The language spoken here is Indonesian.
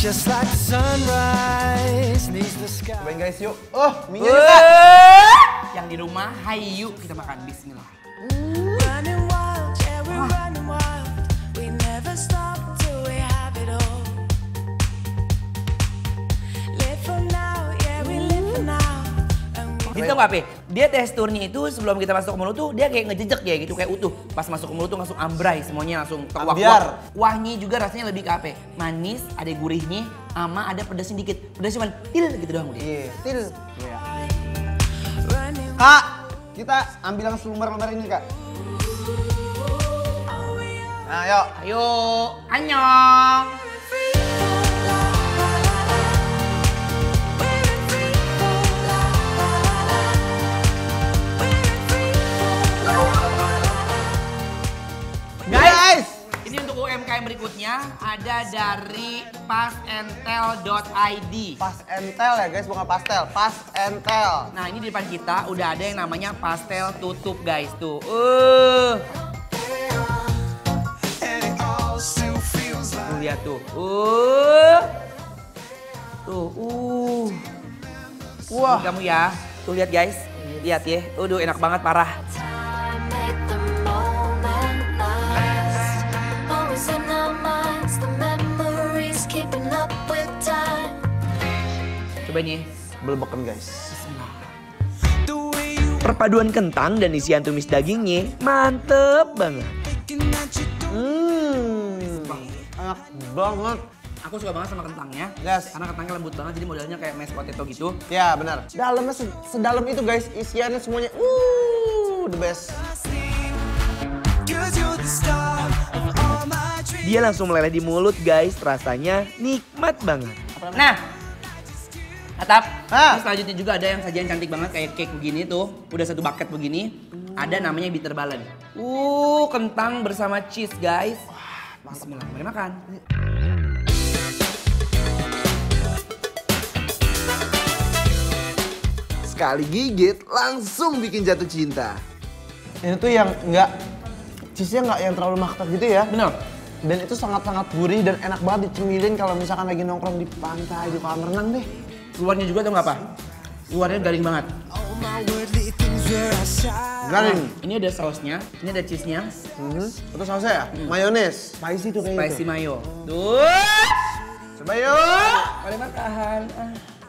Just like sunrise needs the sky. Cobain guys yuk. Oh, minyak uh. Juga. Yang di rumah, hayu kita makan. Bismillah. Mm. Itu apa, Pi? dia teksturnya itu sebelum kita masuk ke mulut tuh dia kayak ngejejek ya gitu kayak utuh pas masuk ke mulut tuh langsung ambrai semuanya langsung terkuah kuah kuahnya juga rasanya lebih ke apa ya? manis ada gurihnya ama ada pedas sedikit pedas cuma til gitu doang udah iya til iya. kak kita ambil langsung lembar-lembar ini kak ayo nah, yuk ayo anyong UMKM berikutnya ada dari pasentel.id. Pasentel ya guys, bukan pastel, pasentel. Nah ini di depan kita udah ada yang namanya pastel tutup guys tuh. Uh. Tuh lihat tuh. Uh. Tuh, uh. Wah. kamu ya. Tuh lihat guys. Lihat ya. Udah enak banget parah. Coba nih, ya. belebekan guys. Perpaduan kentang dan isian tumis dagingnya mantep banget. Hmm, banget. Aku suka banget sama kentangnya. Yes. Karena kentangnya lembut banget, jadi modelnya kayak mashed potato gitu. Ya benar. Dalamnya sedalam itu guys, isiannya semuanya. Uh, the best. Dia langsung meleleh di mulut guys, rasanya nikmat banget. Nah, Atap, ah. selanjutnya juga ada yang sajian cantik banget kayak cake begini tuh. Udah satu bucket begini. Uh. Ada namanya bitter balen. Uh, kentang bersama cheese guys. Wah, Bismillah, mari makan. Sekali gigit, langsung bikin jatuh cinta. Ini tuh yang nggak, cheese-nya nggak yang terlalu makter gitu ya? Benar dan itu sangat-sangat gurih dan enak banget dicemilin kalau misalkan lagi nongkrong di pantai di kolam renang deh. Luarnya juga tuh nggak apa? Luarnya garing banget. Garing. Nah, ini ada sausnya, ini ada cheese-nya. Untuk hmm. Itu sausnya ya? Hmm. Mayones. Spicy tuh kayaknya. Spicy itu. mayo. Duh. Coba yuk. Boleh makan. Ah.